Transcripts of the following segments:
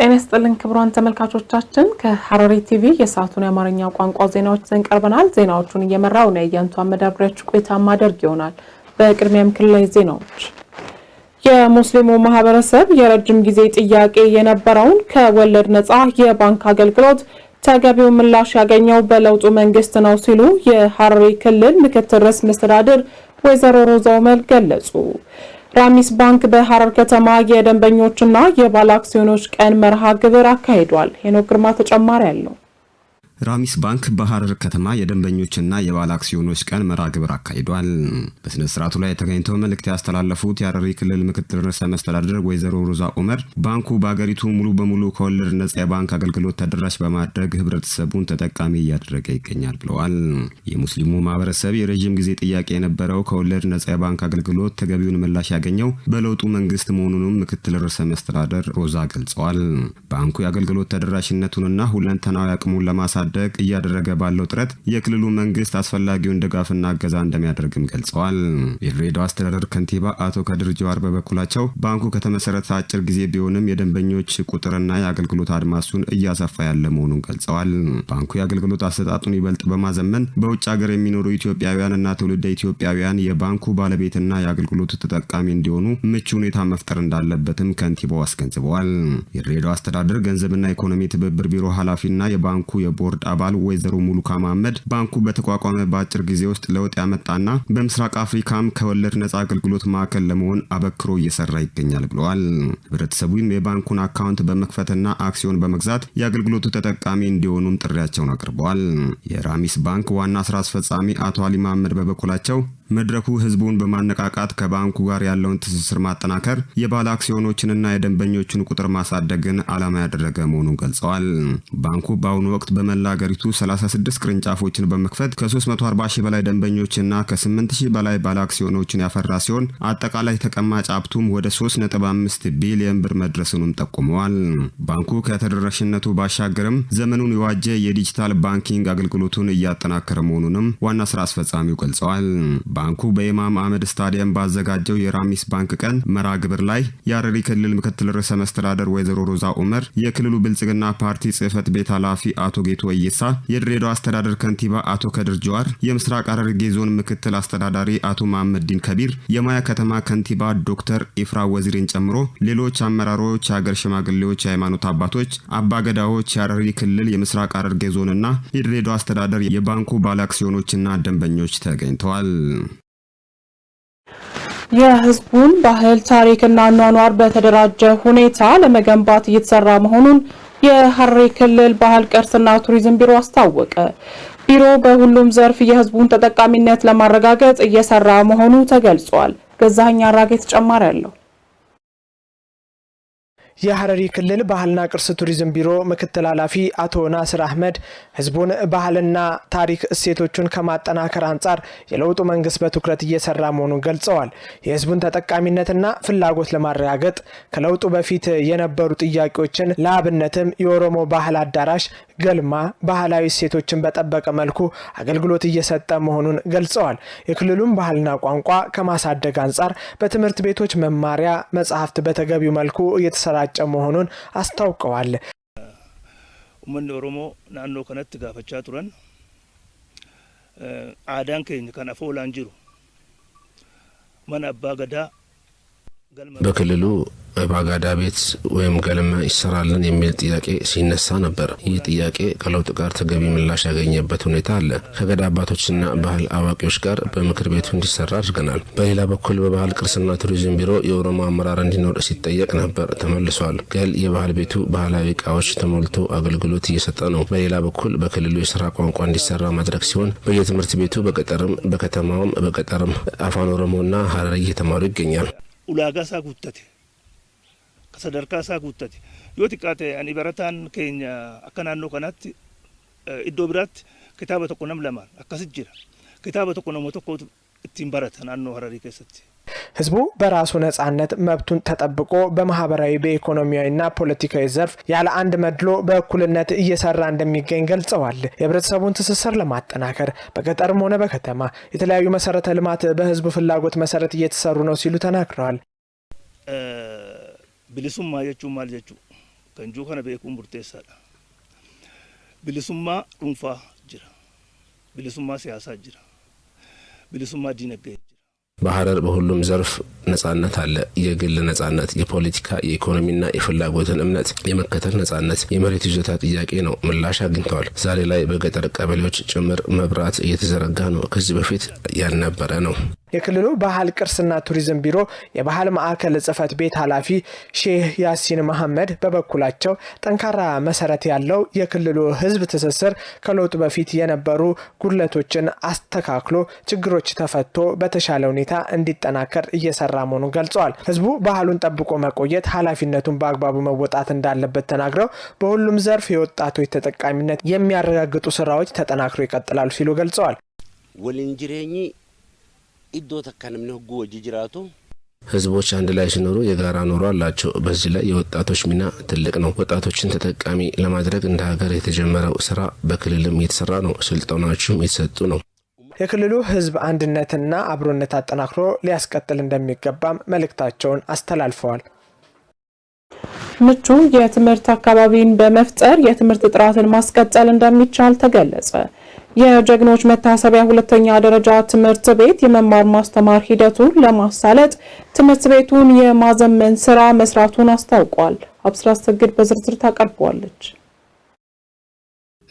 ጤና ይስጥልን ክቡራን ተመልካቾቻችን፣ ከሐረሪ ቲቪ የሰዓቱን የአማርኛ ቋንቋ ዜናዎች ዘን ቀርበናል። ዜናዎቹን እየመራው ነው የእያንቱ አመዳብሪያች ቆይታ ማደርግ ይሆናል። በቅድሚያም ክልላዊ ዜናዎች። የሙስሊሙ ማህበረሰብ የረጅም ጊዜ ጥያቄ የነበረውን ከወለድ ነጻ የባንክ አገልግሎት ተገቢው ምላሽ ያገኘው በለውጡ መንግስት ነው ሲሉ የሐረሪ ክልል ምክትል ርዕሰ መስተዳድር ወይዘሮ ሮዛ ኡመር ገለጹ። ራሚስ ባንክ በሐረር ከተማ የደንበኞችና የባለ አክሲዮኖች ቀን መርሃ ግብር አካሂዷል። ሄኖክ ግርማ ተጨማሪ አለው። ራሚስ ባንክ በሐረር ከተማ የደንበኞችና የባለ አክሲዮኖች ቀን መርሃ ግብር አካሂዷል። በሥነ ሥርዓቱ ላይ ተገኝተው መልእክት ያስተላለፉት የሐረሪ ክልል ምክትል ርዕሰ መስተዳድር ወይዘሮ ሮዛ ኡመር ባንኩ በአገሪቱ ሙሉ በሙሉ ከወለድ ነጻ የባንክ አገልግሎት ተደራሽ በማድረግ ህብረተሰቡን ተጠቃሚ እያደረገ ይገኛል ብለዋል። የሙስሊሙ ማህበረሰብ የረዥም ጊዜ ጥያቄ የነበረው ከወለድ ነጻ የባንክ አገልግሎት ተገቢውን ምላሽ ያገኘው በለውጡ መንግስት መሆኑንም ምክትል ርዕሰ መስተዳደር ሮዛ ገልጸዋል። ባንኩ የአገልግሎት ተደራሽነቱንና ሁለንተናዊ አቅሙን ለማሳ ለማሳደግ እያደረገ ባለው ጥረት የክልሉ መንግስት አስፈላጊውን ድጋፍና እገዛ እንደሚያደርግም ገልጸዋል። የድሬዳዋ አስተዳደር ከንቲባ አቶ ከድር ጀዋር በበኩላቸው ባንኩ ከተመሰረተ አጭር ጊዜ ቢሆንም የደንበኞች ቁጥርና የአገልግሎት አድማሱን እያሰፋ ያለ መሆኑን ገልጸዋል። ባንኩ የአገልግሎት አሰጣጡን ይበልጥ በማዘመን በውጭ ሀገር የሚኖሩ ኢትዮጵያውያንና ትውልደ ኢትዮጵያውያን የባንኩ ባለቤትና የአገልግሎቱ ተጠቃሚ እንዲሆኑ ምቹ ሁኔታ መፍጠር እንዳለበትም ከንቲባው አስገንዝበዋል። የድሬዳዋ አስተዳደር ገንዘብና ኢኮኖሚ ትብብር ቢሮ ኃላፊና የባንኩ የቦርድ ቦርድ አባል ወይዘሮ ሙሉካ መሀመድ ባንኩ በተቋቋመ በአጭር ጊዜ ውስጥ ለውጥ ያመጣና በምስራቅ አፍሪካም ከወለድ ነጻ አገልግሎት ማዕከል ለመሆን አበክሮ እየሰራ ይገኛል ብለዋል። ህብረተሰቡም የባንኩን አካውንት በመክፈትና አክሲዮን በመግዛት የአገልግሎቱ ተጠቃሚ እንዲሆኑም ጥሪያቸውን አቅርበዋል። የራሚስ ባንክ ዋና ስራ አስፈጻሚ አቶ አሊ መሀመድ በበኩላቸው መድረኩ ህዝቡን በማነቃቃት ከባንኩ ጋር ያለውን ትስስር ማጠናከር፣ የባለ አክሲዮኖችንና የደንበኞችን ቁጥር ማሳደግን ዓላማ ያደረገ መሆኑን ገልጸዋል። ባንኩ በአሁኑ ወቅት በመላ አገሪቱ 36 ቅርንጫፎችን በመክፈት ከ340 ሺህ በላይ ደንበኞችና ከ8 ሺህ በላይ ባለ አክሲዮኖችን ያፈራ ሲሆን አጠቃላይ ተቀማጭ ሀብቱም ወደ 3.5 ቢሊየን ብር መድረሱንም ጠቁመዋል። ባንኩ ከተደራሽነቱ ባሻገርም ዘመኑን የዋጀ የዲጂታል ባንኪንግ አገልግሎቱን እያጠናከረ መሆኑንም ዋና ስራ አስፈጻሚው ገልጸዋል። ባንኩ በኢማም አህመድ ስታዲየም ባዘጋጀው የራሚስ ባንክ ቀን መርሃ ግብር ላይ የሐረሪ ክልል ምክትል ርዕሰ መስተዳደር ወይዘሮ ሮዛ ኡመር፣ የክልሉ ብልጽግና ፓርቲ ጽህፈት ቤት ኃላፊ አቶ ጌቱ ወይሳ፣ የድሬዳዋ አስተዳደር ከንቲባ አቶ ከድር ጀዋር፣ የምስራቅ ሐረርጌ ዞን ምክትል አስተዳዳሪ አቶ ዲን ከቢር፣ የማያ ከተማ ከንቲባ ዶክተር ኢፍራ ወዚርን ጨምሮ ሌሎች አመራሮች፣ የሀገር ሽማግሌዎች፣ የሃይማኖት አባቶች፣ አባገዳዎች፣ የሐረሪ ክልል የምስራቅ ሐረርጌ ዞንና የድሬዳዋ አስተዳደር የባንኩ ባለአክሲዮኖችና ደንበኞች ተገኝተዋል። የህዝቡን ባህል ታሪክና አኗኗር በተደራጀ ሁኔታ ለመገንባት እየተሰራ መሆኑን የሐረሪ ክልል ባህል ቅርስና ቱሪዝም ቢሮ አስታወቀ። ቢሮ በሁሉም ዘርፍ የህዝቡን ተጠቃሚነት ለማረጋገጥ እየሰራ መሆኑ ተገልጿል። ገዛኸኝ አራጌ ተጨማሪ አለው። የሐረሪ ክልል ባህልና ቅርስ ቱሪዝም ቢሮ ምክትል ኃላፊ አቶ ናስር አህመድ ህዝቡን ባህልና ታሪክ እሴቶቹን ከማጠናከር አንጻር የለውጡ መንግስት በትኩረት እየሰራ መሆኑን ገልጸዋል። የህዝቡን ተጠቃሚነትና ፍላጎት ለማረጋገጥ ከለውጡ በፊት የነበሩ ጥያቄዎችን ለአብነትም የኦሮሞ ባህል አዳራሽ ገልማ ባህላዊ እሴቶችን በጠበቀ መልኩ አገልግሎት እየሰጠ መሆኑን ገልጸዋል። የክልሉን ባህልና ቋንቋ ከማሳደግ አንጻር በትምህርት ቤቶች መማሪያ መጽሐፍት በተገቢው መልኩ እየተሰራ የተሰራጨ መሆኑን አስታውቀዋል። ኡመን ኦሮሞ ናኖ ከነት ጋፈቻ ቱረን አዳን ከኝ ከነፎ ላንጅሩ መን አባ ገዳ በክልሉ በባጋዳ ቤት ወይም ገለመ ይሰራልን የሚል ጥያቄ ሲነሳ ነበር። ይህ ጥያቄ ከለውጥ ጋር ተገቢ ምላሽ ያገኘበት ሁኔታ አለ። ከገዳ አባቶችና ባህል አዋቂዎች ጋር በምክር ቤቱ እንዲሰራ አድርገናል። በሌላ በኩል በባህል ቅርስና ቱሪዝም ቢሮ የኦሮሞ አመራር እንዲኖር ሲጠየቅ ነበር፣ ተመልሷል። ገል የባህል ቤቱ ባህላዊ እቃዎች ተሞልቶ አገልግሎት እየሰጠ ነው። በሌላ በኩል በክልሉ የስራ ቋንቋ እንዲሰራ ማድረግ ሲሆን በየትምህርት ቤቱ በገጠርም በከተማውም በገጠርም አፋን ኦሮሞና ሀረሪ እየተማሩ ይገኛል። ኡላጋሳ ጉተቴ sadarkaa isaa guuttate yoo xiqqaate ani barataan keenya akka naannoo kanaatti iddoo biraatti kitaaba tokko nam lamaan akkasit jira kitaaba tokko nama tokko ittiin barata naannoo hararii keessatti. ህዝቡ በራሱ ነጻነት መብቱን ተጠብቆ በማህበራዊ በኢኮኖሚያዊ ና ፖለቲካዊ ዘርፍ ያለ አንድ መድሎ በእኩልነት እየሰራ እንደሚገኝ ገልጸዋል። የህብረተሰቡን ትስስር ለማጠናከር በገጠርም ሆነ በከተማ የተለያዩ መሰረተ ልማት በህዝቡ ፍላጎት መሰረት እየተሰሩ ነው ሲሉ ተናግረዋል። bilisummaa jechuun maal jechuu kan juu kana beekuun murteessaadha. Bilisummaa dhuunfaa jira. Bilisummaa siyaasaa jira. Bilisummaa diinagdee jira. በሐረር በሁሉም ዘርፍ ነጻነት አለ። የግል ነጻነት፣ የፖለቲካ የኢኮኖሚና የፍላጎትን እምነት የመከተል ነጻነት፣ የመሬት ይዞታ ጥያቄ ነው ምላሽ አግኝተዋል። ዛሬ ላይ በገጠር ቀበሌዎች ጭምር መብራት እየተዘረጋ ነው። ከዚህ በፊት ያልነበረ ነው። የክልሉ ባህል ቅርስና ቱሪዝም ቢሮ የባህል ማዕከል ጽህፈት ቤት ኃላፊ ሼህ ያሲን መሐመድ በበኩላቸው ጠንካራ መሰረት ያለው የክልሉ ሕዝብ ትስስር ከለውጡ በፊት የነበሩ ጉድለቶችን አስተካክሎ ችግሮች ተፈቶ በተሻለ ሁኔታ እንዲጠናከር እየሰራ መሆኑን ገልጸዋል። ህዝቡ ባህሉን ጠብቆ መቆየት ኃላፊነቱን በአግባቡ መወጣት እንዳለበት ተናግረው በሁሉም ዘርፍ የወጣቶች ተጠቃሚነት የሚያረጋግጡ ስራዎች ተጠናክሮ ይቀጥላሉ ሲሉ ገልጸዋል። ወልንጅሬኝ ኢዶ ተካንም ህጉ ወጂ ጅራቱ ህዝቦች አንድ ላይ ሲኖሩ የጋራ ኑሮ አላቸው። በዚህ ላይ የወጣቶች ሚና ትልቅ ነው። ወጣቶችን ተጠቃሚ ለማድረግ እንደ ሀገር የተጀመረው ስራ በክልልም እየተሰራ ነው። ስልጠናዎችም የተሰጡ ነው። የክልሉ ህዝብ አንድነትና አብሮነት አጠናክሮ ሊያስቀጥል እንደሚገባም መልእክታቸውን አስተላልፈዋል። ምቹ የትምህርት አካባቢን በመፍጠር የትምህርት ጥራትን ማስቀጠል እንደሚቻል ተገለጸ። የጀግኖች መታሰቢያ ሁለተኛ ደረጃ ትምህርት ቤት የመማር ማስተማር ሂደቱን ለማሳለጥ ትምህርት ቤቱን የማዘመን ስራ መስራቱን አስታውቋል። አብስራ አስተግድ በዝርዝር ታቀርበዋለች።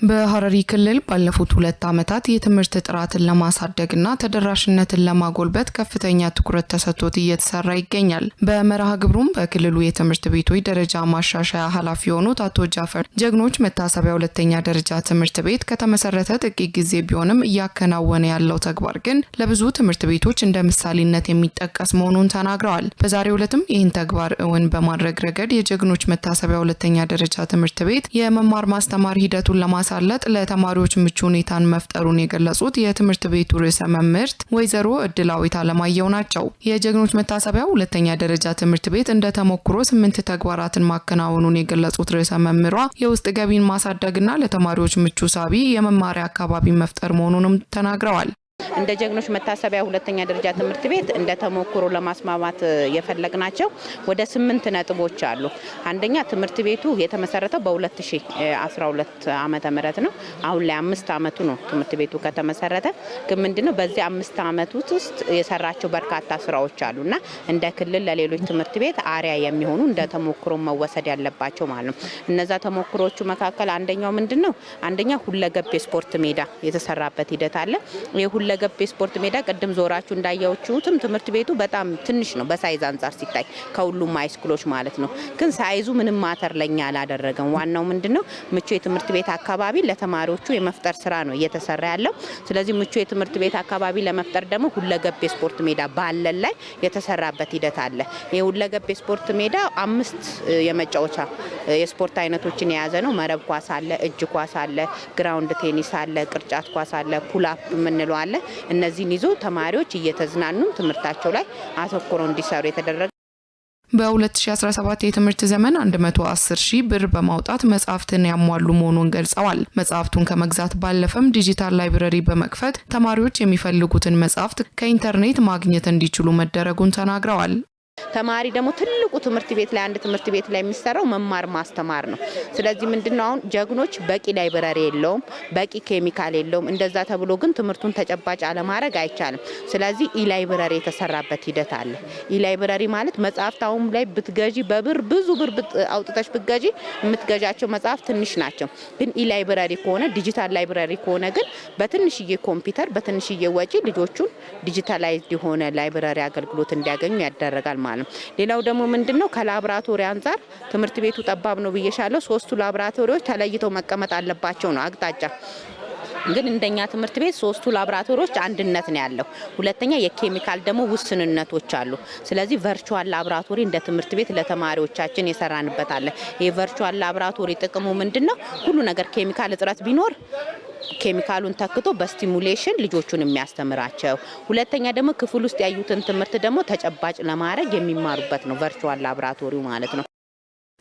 በሐረሪ ክልል ባለፉት ሁለት ዓመታት የትምህርት ጥራትን ለማሳደግና ተደራሽነትን ለማጎልበት ከፍተኛ ትኩረት ተሰጥቶት እየተሰራ ይገኛል። በመርሃ ግብሩም በክልሉ የትምህርት ቤቶች ደረጃ ማሻሻያ ኃላፊ የሆኑት አቶ ጃፈር ጀግኖች መታሰቢያ ሁለተኛ ደረጃ ትምህርት ቤት ከተመሰረተ ጥቂት ጊዜ ቢሆንም እያከናወነ ያለው ተግባር ግን ለብዙ ትምህርት ቤቶች እንደ ምሳሌነት የሚጠቀስ መሆኑን ተናግረዋል። በዛሬው ዕለትም ይህን ተግባር እውን በማድረግ ረገድ የጀግኖች መታሰቢያ ሁለተኛ ደረጃ ትምህርት ቤት የመማር ማስተማር ሂደቱን ለማ በማሳለጥ ለተማሪዎች ምቹ ሁኔታን መፍጠሩን የገለጹት የትምህርት ቤቱ ርዕሰ መምህርት ወይዘሮ እድላዊት አለማየሁ ናቸው። የጀግኖች መታሰቢያ ሁለተኛ ደረጃ ትምህርት ቤት እንደ ተሞክሮ ስምንት ተግባራትን ማከናወኑን የገለጹት ርዕሰ መምህሯ የውስጥ ገቢን ማሳደግና ለተማሪዎች ምቹ ሳቢ የመማሪያ አካባቢ መፍጠር መሆኑንም ተናግረዋል። እንደ ጀግኖች መታሰቢያ ሁለተኛ ደረጃ ትምህርት ቤት እንደ ተሞክሮ ለማስማማት የፈለግናቸው ወደ ስምንት ነጥቦች አሉ። አንደኛ ትምህርት ቤቱ የተመሰረተው በ2012 ዓመተ ምህረት ነው። አሁን ላይ አምስት ዓመቱ ነው ትምህርት ቤቱ ከተመሰረተ። ግን ምንድነው በዚህ አምስት ዓመት ውስጥ የሰራቸው በርካታ ስራዎች አሉ እና እንደ ክልል ለሌሎች ትምህርት ቤት አሪያ የሚሆኑ እንደ ተሞክሮ መወሰድ ያለባቸው ማለት ነው። እነዛ ተሞክሮቹ መካከል አንደኛው ምንድን ነው? አንደኛ ሁለገብ የስፖርት ሜዳ የተሰራበት ሂደት አለ። ይህ ገብ የስፖርት ሜዳ ቅድም ዞራችሁ እንዳያችሁትም ትምህርት ቤቱ በጣም ትንሽ ነው በሳይዝ አንጻር ሲታይ ከሁሉም ሃይስኩሎች ማለት ነው። ግን ሳይዙ ምንም ማተር ለኛ አላደረገም። ዋናው ምንድነው ምቹ የትምህርት ቤት አካባቢ ለተማሪዎቹ የመፍጠር ስራ ነው እየተሰራ ያለው። ስለዚህ ምቹ የትምህርት ቤት አካባቢ ለመፍጠር ደግሞ ሁለገብ የስፖርት ሜዳ ባለን ላይ የተሰራበት ሂደት አለ። ይህ የስፖርት ሜዳ አምስት የመጫወቻ የስፖርት አይነቶችን የያዘ ነው። መረብ ኳስ አለ፣ እጅ ኳስ አለ፣ ግራውንድ ቴኒስ አለ፣ ቅርጫት ኳስ አለ፣ ፑላፕ የምንለው አለ። እነዚህን ይዞ ተማሪዎች እየተዝናኑም ትምህርታቸው ላይ አተኩረው እንዲሰሩ የተደረገ በ2017 የትምህርት ዘመን 110 ሺህ ብር በማውጣት መጽሐፍትን ያሟሉ መሆኑን ገልጸዋል። መጽሐፍቱን ከመግዛት ባለፈም ዲጂታል ላይብረሪ በመክፈት ተማሪዎች የሚፈልጉትን መጽሐፍት ከኢንተርኔት ማግኘት እንዲችሉ መደረጉን ተናግረዋል። ተማሪ ደግሞ ትልቁ ትምህርት ቤት ላይ አንድ ትምህርት ቤት ላይ የሚሰራው መማር ማስተማር ነው። ስለዚህ ምንድነው አሁን ጀግኖች በቂ ላይብረሪ የለውም፣ በቂ ኬሚካል የለውም። እንደዛ ተብሎ ግን ትምህርቱን ተጨባጭ አለማድረግ አይቻልም። ስለዚህ ኢላይብረሪ የተሰራበት ሂደት አለ። ኢላይብረሪ ማለት መጽሐፍት አሁን ላይ ብትገዢ በብር ብዙ ብር አውጥተሽ ብትገዢ የምትገዣቸው መጽሐፍ ትንሽ ናቸው። ግን ኢላይብረሪ ከሆነ ዲጂታል ላይብረሪ ከሆነ ግን በትንሽዬ ኮምፒውተር በትንሽዬ ወጪ ልጆቹን ዲጂታላይዝድ የሆነ ላይብረሪ አገልግሎት እንዲያገኙ ያደረጋል። ማለት ነው። ሌላው ደግሞ ምንድን ነው ከላብራቶሪ አንጻር ትምህርት ቤቱ ጠባብ ነው ብዬሻለሁ። ሶስቱ ላብራቶሪዎች ተለይተው መቀመጥ አለባቸው ነው አቅጣጫ ግን እንደኛ ትምህርት ቤት ሶስቱ ላብራቶሪዎች አንድነት ነው ያለው። ሁለተኛ የኬሚካል ደግሞ ውስንነቶች አሉ። ስለዚህ ቨርቹዋል ላብራቶሪ እንደ ትምህርት ቤት ለተማሪዎቻችን የሰራንበት አለ። ይህ ቨርቹዋል ላብራቶሪ ጥቅሙ ምንድን ነው? ሁሉ ነገር ኬሚካል እጥረት ቢኖር ኬሚካሉን ተክቶ በስቲሙሌሽን ልጆቹን የሚያስተምራቸው፣ ሁለተኛ ደግሞ ክፍል ውስጥ ያዩትን ትምህርት ደግሞ ተጨባጭ ለማድረግ የሚማሩበት ነው ቨርቹዋል ላብራቶሪው ማለት ነው።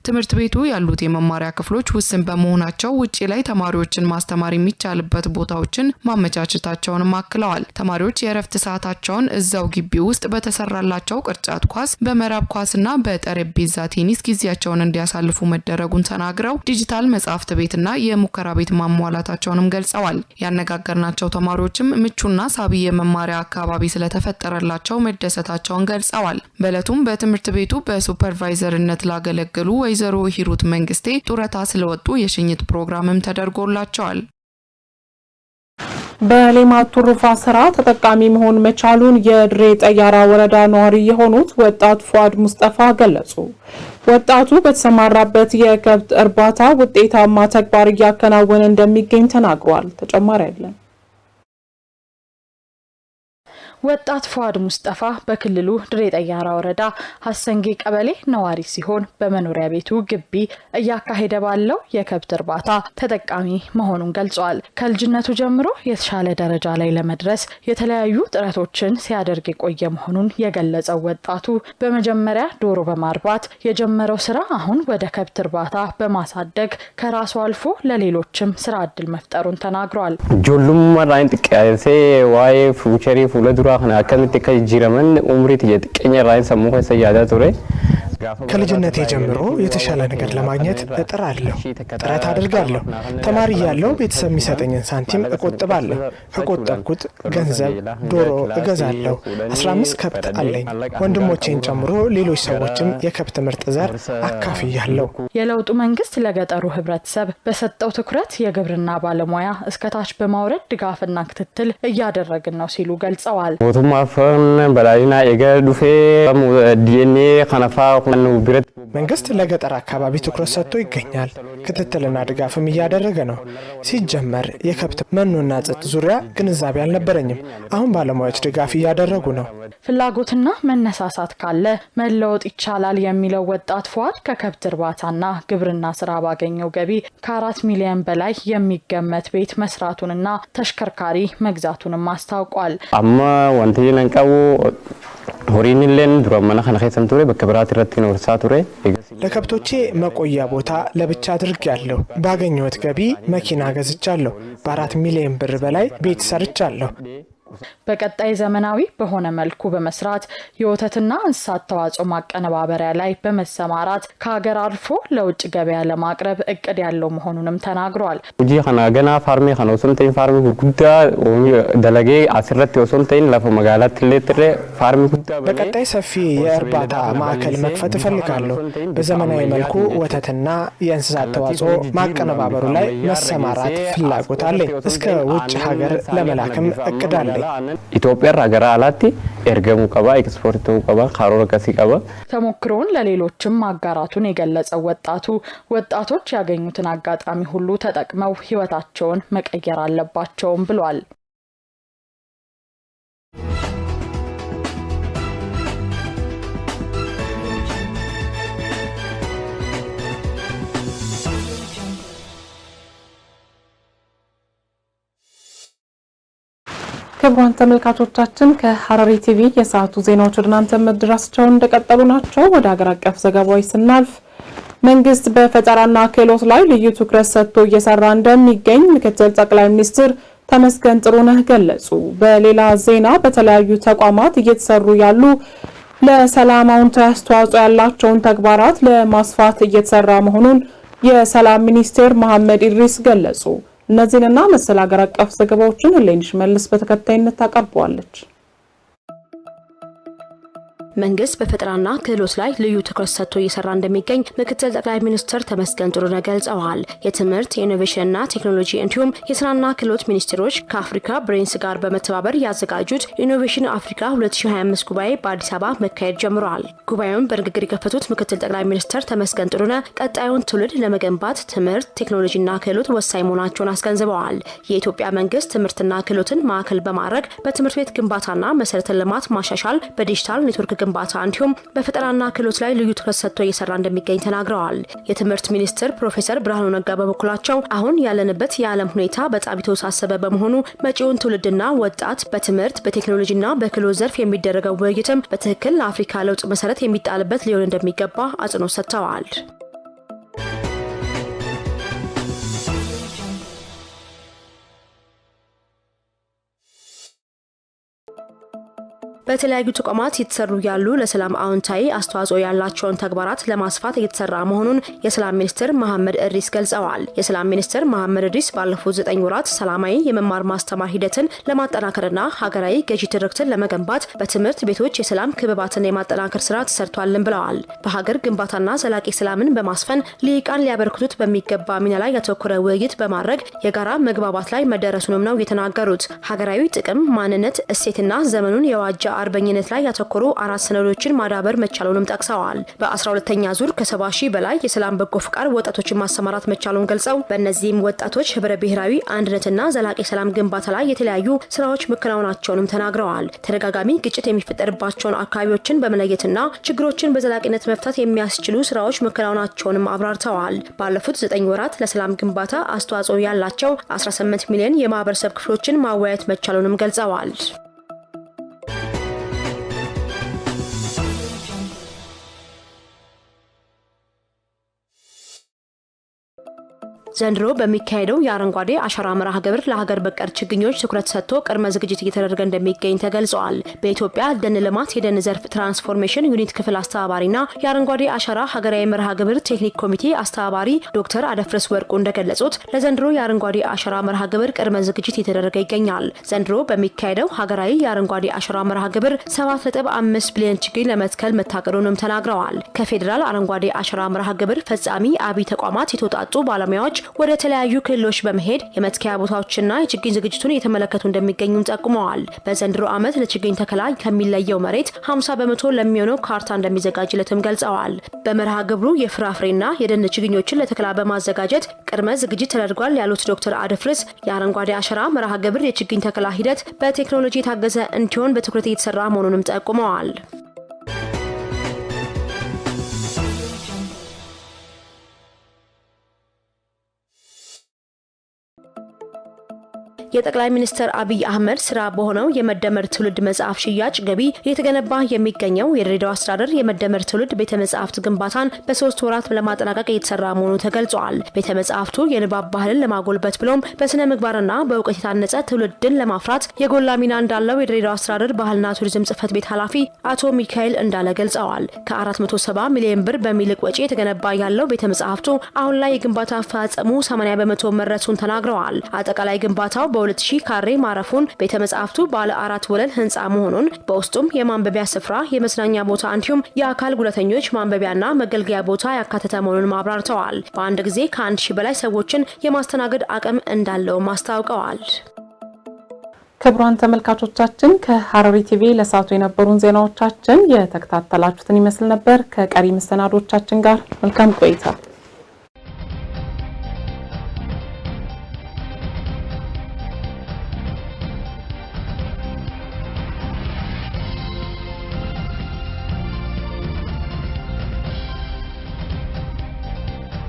ትምህርት ቤቱ ያሉት የመማሪያ ክፍሎች ውስን በመሆናቸው ውጪ ላይ ተማሪዎችን ማስተማር የሚቻልበት ቦታዎችን ማመቻቸታቸውንም አክለዋል። ተማሪዎች የእረፍት ሰዓታቸውን እዛው ግቢ ውስጥ በተሰራላቸው ቅርጫት ኳስ፣ በመረብ ኳስና በጠረጴዛ ቴኒስ ጊዜያቸውን እንዲያሳልፉ መደረጉን ተናግረው ዲጂታል መጽሐፍት ቤትና የሙከራ ቤት ማሟላታቸውንም ገልጸዋል። ያነጋገርናቸው ተማሪዎችም ምቹና ሳቢ የመማሪያ አካባቢ ስለተፈጠረላቸው መደሰታቸውን ገልጸዋል። በእለቱም በትምህርት ቤቱ በሱፐርቫይዘርነት ላገለገሉ ወይዘሮ ሂሩት መንግስቴ ጡረታ ስለወጡ የሽኝት ፕሮግራምም ተደርጎላቸዋል። በሌማት ትሩፋት ስራ ተጠቃሚ መሆን መቻሉን የድሬ ጠያራ ወረዳ ነዋሪ የሆኑት ወጣት ፏድ ሙስጠፋ ገለጹ። ወጣቱ በተሰማራበት የከብት እርባታ ውጤታማ ተግባር እያከናወነ እንደሚገኝ ተናግሯል። ተጨማሪ አለን። ወጣት ፏድ ሙስጠፋ በክልሉ ድሬ ጠያራ ወረዳ ሀሰንጌ ቀበሌ ነዋሪ ሲሆን በመኖሪያ ቤቱ ግቢ እያካሄደ ባለው የከብት እርባታ ተጠቃሚ መሆኑን ገልጿል። ከልጅነቱ ጀምሮ የተሻለ ደረጃ ላይ ለመድረስ የተለያዩ ጥረቶችን ሲያደርግ የቆየ መሆኑን የገለጸው ወጣቱ በመጀመሪያ ዶሮ በማርባት የጀመረው ስራ አሁን ወደ ከብት እርባታ በማሳደግ ከራሱ አልፎ ለሌሎችም ስራ እድል መፍጠሩን ተናግሯል። ጆሉም ራይን ጥቅያሴ ዋይ ፉቸሪ ፉለዱራ suuraa kana akkamitti akka jijjiiraman umrii xiyya qeenya irraa hin sammuu keessa yaadaa ture. ከልጅነቴ ጀምሮ የተሻለ ነገር ለማግኘት እጥራለሁ፣ ጥረት አድርጋለሁ። ተማሪ ያለው ቤተሰብ የሚሰጠኝን ሳንቲም እቆጥባለሁ። ከቆጠብኩት ገንዘብ ዶሮ እገዛለሁ። 15 ከብት አለኝ። ወንድሞቼን ጨምሮ ሌሎች ሰዎችም የከብት ምርጥ ዘር አካፍያለሁ። የለውጡ መንግስት ለገጠሩ ህብረተሰብ በሰጠው ትኩረት የግብርና ባለሙያ እስከታች በማውረድ ድጋፍና ክትትል እያደረግን ነው ሲሉ ገልጸዋል። ሞቱማፈን በላሊና ኤገር ዱፌ ዲኤንኤ ከነፋ መንግስት ለገጠር አካባቢ ትኩረት ሰጥቶ ይገኛል። ክትትልና ድጋፍም እያደረገ ነው። ሲጀመር የከብት መኖና ጽጥ ዙሪያ ግንዛቤ አልነበረኝም። አሁን ባለሙያዎች ድጋፍ እያደረጉ ነው። ፍላጎትና መነሳሳት ካለ መለወጥ ይቻላል የሚለው ወጣት ፏል ከከብት እርባታና ግብርና ስራ ባገኘው ገቢ ከአራት ሚሊዮን በላይ የሚገመት ቤት መስራቱንና ተሽከርካሪ መግዛቱንም አስታውቋል። አማ ወንቴ ሆሪን ለን ዱራመና ከነ ከሰም ቱሬ በከብራት ረቲ ነው እርሳ ቱሬ ለከብቶቼ መቆያ ቦታ ለብቻ አድርጌያለሁ። ባገኘሁት ገቢ መኪና ገዝቻለሁ። በአራት ሚሊዮን ብር በላይ ቤት ሰርቻለሁ። በቀጣይ ዘመናዊ በሆነ መልኩ በመስራት የወተትና እንስሳት ተዋጽኦ ማቀነባበሪያ ላይ በመሰማራት ከሀገር አልፎ ለውጭ ገበያ ለማቅረብ እቅድ ያለው መሆኑንም ተናግሯል። ጂ ገና ፋርሜ ሶንተኝ ፋርሚ ጉዳ ደለጌ አስረት ሶንተኝ ለፎ መጋላት ሌትሬ ፋርሚ ጉዳ በቀጣይ ሰፊ የእርባታ ማዕከል መክፈት እፈልጋለሁ። በዘመናዊ መልኩ ወተትና የእንስሳት ተዋጽኦ ማቀነባበሩ ላይ መሰማራት ፍላጎት አለኝ። እስከ ውጭ ሀገር ለመላክም እቅድ አለኝ። ኢትዮጵያ ሀገር አላት ኤርገሙ ቀባ ኤክስፖርቱ ቀባ ካሮር ከሲ ቀባ ተሞክሮውን ለሌሎችም ማጋራቱን የገለጸው ወጣቱ ወጣቶች ያገኙትን አጋጣሚ ሁሉ ተጠቅመው ህይወታቸውን መቀየር አለባቸውም ብሏል። ክቡራን ተመልካቾቻችን ከሐረሪ ቲቪ የሰዓቱ ዜናዎች ወደ እናንተ መድረሳቸውን እንደቀጠሉ ናቸው። ወደ ሀገር አቀፍ ዘገባዎች ስናልፍ መንግስት በፈጠራና ክህሎት ላይ ልዩ ትኩረት ሰጥቶ እየሰራ እንደሚገኝ ምክትል ጠቅላይ ሚኒስትር ተመስገን ጥሩነህ ገለጹ። በሌላ ዜና በተለያዩ ተቋማት እየተሰሩ ያሉ ለሰላም አዎንታዊ አስተዋጽኦ ያላቸውን ተግባራት ለማስፋት እየተሰራ መሆኑን የሰላም ሚኒስቴር መሐመድ ኢድሪስ ገለጹ። እነዚህንና መሰል ሀገር አቀፍ ዘገባዎችን ሌንሽ መልስ በተከታይነት ታቀርበዋለች። መንግስት በፈጠራና ክህሎት ላይ ልዩ ትኩረት ሰጥቶ እየሰራ እንደሚገኝ ምክትል ጠቅላይ ሚኒስትር ተመስገን ጥሩነህ ገልጸዋል። የትምህርት የኢኖቬሽንና ቴክኖሎጂ እንዲሁም የስራና ክህሎት ሚኒስትሮች ከአፍሪካ ብሬንስ ጋር በመተባበር ያዘጋጁት ኢኖቬሽን አፍሪካ 2025 ጉባኤ በአዲስ አበባ መካሄድ ጀምረዋል። ጉባኤውን በንግግር የከፈቱት ምክትል ጠቅላይ ሚኒስትር ተመስገን ጥሩነህ ቀጣዩን ትውልድ ለመገንባት ትምህርት፣ ቴክኖሎጂና ክህሎት ወሳኝ መሆናቸውን አስገንዝበዋል። የኢትዮጵያ መንግስት ትምህርትና ክህሎትን ማዕከል በማድረግ በትምህርት ቤት ግንባታና መሰረተ ልማት ማሻሻል፣ በዲጂታል ኔትወርክ ግንባታ እንዲሁም በፈጠራና ክህሎት ላይ ልዩ ትኩረት ሰጥቶ እየሰራ እንደሚገኝ ተናግረዋል። የትምህርት ሚኒስትር ፕሮፌሰር ብርሃኑ ነጋ በበኩላቸው አሁን ያለንበት የዓለም ሁኔታ በጣም የተወሳሰበ በመሆኑ መጪውን ትውልድና ወጣት በትምህርት በቴክኖሎጂና በክህሎት ዘርፍ የሚደረገው ውይይትም በትክክል ለአፍሪካ ለውጥ መሰረት የሚጣልበት ሊሆን እንደሚገባ አጽንኦት ሰጥተዋል። በተለያዩ ተቋማት የተሰሩ ያሉ ለሰላም አዎንታዊ አስተዋጽኦ ያላቸውን ተግባራት ለማስፋት እየተሰራ መሆኑን የሰላም ሚኒስትር መሐመድ እድሪስ ገልጸዋል። የሰላም ሚኒስትር መሐመድ እድሪስ ባለፉት ዘጠኝ ወራት ሰላማዊ የመማር ማስተማር ሂደትን ለማጠናከርና ሀገራዊ ገዢ ትርክትን ለመገንባት በትምህርት ቤቶች የሰላም ክበባትን የማጠናከር ስራ ተሰርቷልን ብለዋል። በሀገር ግንባታና ዘላቂ ሰላምን በማስፈን ልሂቃን ሊያበረክቱት በሚገባ ሚና ላይ ያተኮረ ውይይት በማድረግ የጋራ መግባባት ላይ መደረሱንም ነው የተናገሩት። ሀገራዊ ጥቅም፣ ማንነት፣ እሴትና ዘመኑን የዋጃ በአርበኝነት ላይ ያተኮሩ አራት ሰነዶችን ማዳበር መቻሉንም ጠቅሰዋል። በ12ተኛ ዙር ከ70 ሺህ በላይ የሰላም በጎ ፍቃድ ወጣቶችን ማሰማራት መቻሉን ገልጸው በእነዚህም ወጣቶች ህብረ ብሔራዊ አንድነትና ዘላቂ ሰላም ግንባታ ላይ የተለያዩ ስራዎች መከናወናቸውንም ተናግረዋል። ተደጋጋሚ ግጭት የሚፈጠርባቸውን አካባቢዎችን በመለየትና ችግሮችን በዘላቂነት መፍታት የሚያስችሉ ስራዎች መከናወናቸውንም አብራርተዋል። ባለፉት ዘጠኝ ወራት ለሰላም ግንባታ አስተዋጽኦ ያላቸው 18 ሚሊዮን የማህበረሰብ ክፍሎችን ማወያየት መቻሉንም ገልጸዋል። ዘንድሮ በሚካሄደው የአረንጓዴ አሻራ መርሃ ግብር ለሀገር በቀል ችግኞች ትኩረት ሰጥቶ ቅድመ ዝግጅት እየተደረገ እንደሚገኝ ተገልጸዋል። በኢትዮጵያ ደን ልማት የደን ዘርፍ ትራንስፎርሜሽን ዩኒት ክፍል አስተባባሪና የአረንጓዴ አሻራ ሀገራዊ መርሃ ግብር ቴክኒክ ኮሚቴ አስተባባሪ ዶክተር አደፍረስ ወርቁ እንደገለጹት ለዘንድሮ የአረንጓዴ አሻራ መርሃ ግብር ቅድመ ዝግጅት እየተደረገ ይገኛል። ዘንድሮ በሚካሄደው ሀገራዊ የአረንጓዴ አሻራ መርሃ ግብር 7.5 ቢሊዮን ችግኝ ለመትከል መታቀዱንም ተናግረዋል። ከፌዴራል አረንጓዴ አሻራ መርሃ ግብር ፈጻሚ አብይ ተቋማት የተውጣጡ ባለሙያዎች ወደ ተለያዩ ክልሎች በመሄድ የመትከያ ቦታዎችና የችግኝ ዝግጅቱን እየተመለከቱ እንደሚገኙም ጠቁመዋል። በዘንድሮ ዓመት ለችግኝ ተከላ ከሚለየው መሬት 50 በመቶ ለሚሆነው ካርታ እንደሚዘጋጅለትም ገልጸዋል። በመርሃ ግብሩ የፍራፍሬና የደን ችግኞችን ለተከላ በማዘጋጀት ቅድመ ዝግጅት ተደርጓል ያሉት ዶክተር አድፍርስ የአረንጓዴ አሸራ መርሃ ግብር የችግኝ ተከላ ሂደት በቴክኖሎጂ የታገዘ እንዲሆን በትኩረት እየተሰራ መሆኑንም ጠቁመዋል። የጠቅላይ ሚኒስትር አብይ አህመድ ስራ በሆነው የመደመር ትውልድ መጽሐፍ ሽያጭ ገቢ እየተገነባ የሚገኘው የድሬዳዋ አስተዳደር የመደመር ትውልድ ቤተ መጽሐፍት ግንባታን በሶስት ወራት ለማጠናቀቅ እየተሰራ መሆኑ ተገልጿል። ቤተ መጽሐፍቱ የንባብ ባህልን ለማጎልበት ብሎም በስነ ምግባርና በእውቀት የታነጸ ትውልድን ለማፍራት የጎላ ሚና እንዳለው የድሬዳዋ አስተዳደር ባህልና ቱሪዝም ጽህፈት ቤት ኃላፊ አቶ ሚካኤል እንዳለ ገልጸዋል። ከ470 ሚሊዮን ብር በሚልቅ ወጪ የተገነባ ያለው ቤተ መጽሐፍቱ አሁን ላይ የግንባታ አፈጻጸሙ 80 በመቶ መድረሱን ተናግረዋል። አጠቃላይ ግንባታው በ ከ ካሬ ማረፉን ቤተ መጻሕፍቱ ባለ አራት ወለል ህንፃ መሆኑን በውስጡም የማንበቢያ ስፍራ፣ የመዝናኛ ቦታ እንዲሁም የአካል ጉዳተኞች ማንበቢያና መገልገያ ቦታ ያካተተ መሆኑን አብራርተዋል። በአንድ ጊዜ ከአንድ ሺህ በላይ ሰዎችን የማስተናገድ አቅም እንዳለውም አስታውቀዋል። ክቡራን ተመልካቾቻችን ከሐረሪ ቲቪ ለሰዓቱ የነበሩን ዜናዎቻችን የተከታተላችሁትን ይመስል ነበር። ከቀሪ መሰናዶቻችን ጋር መልካም ቆይታ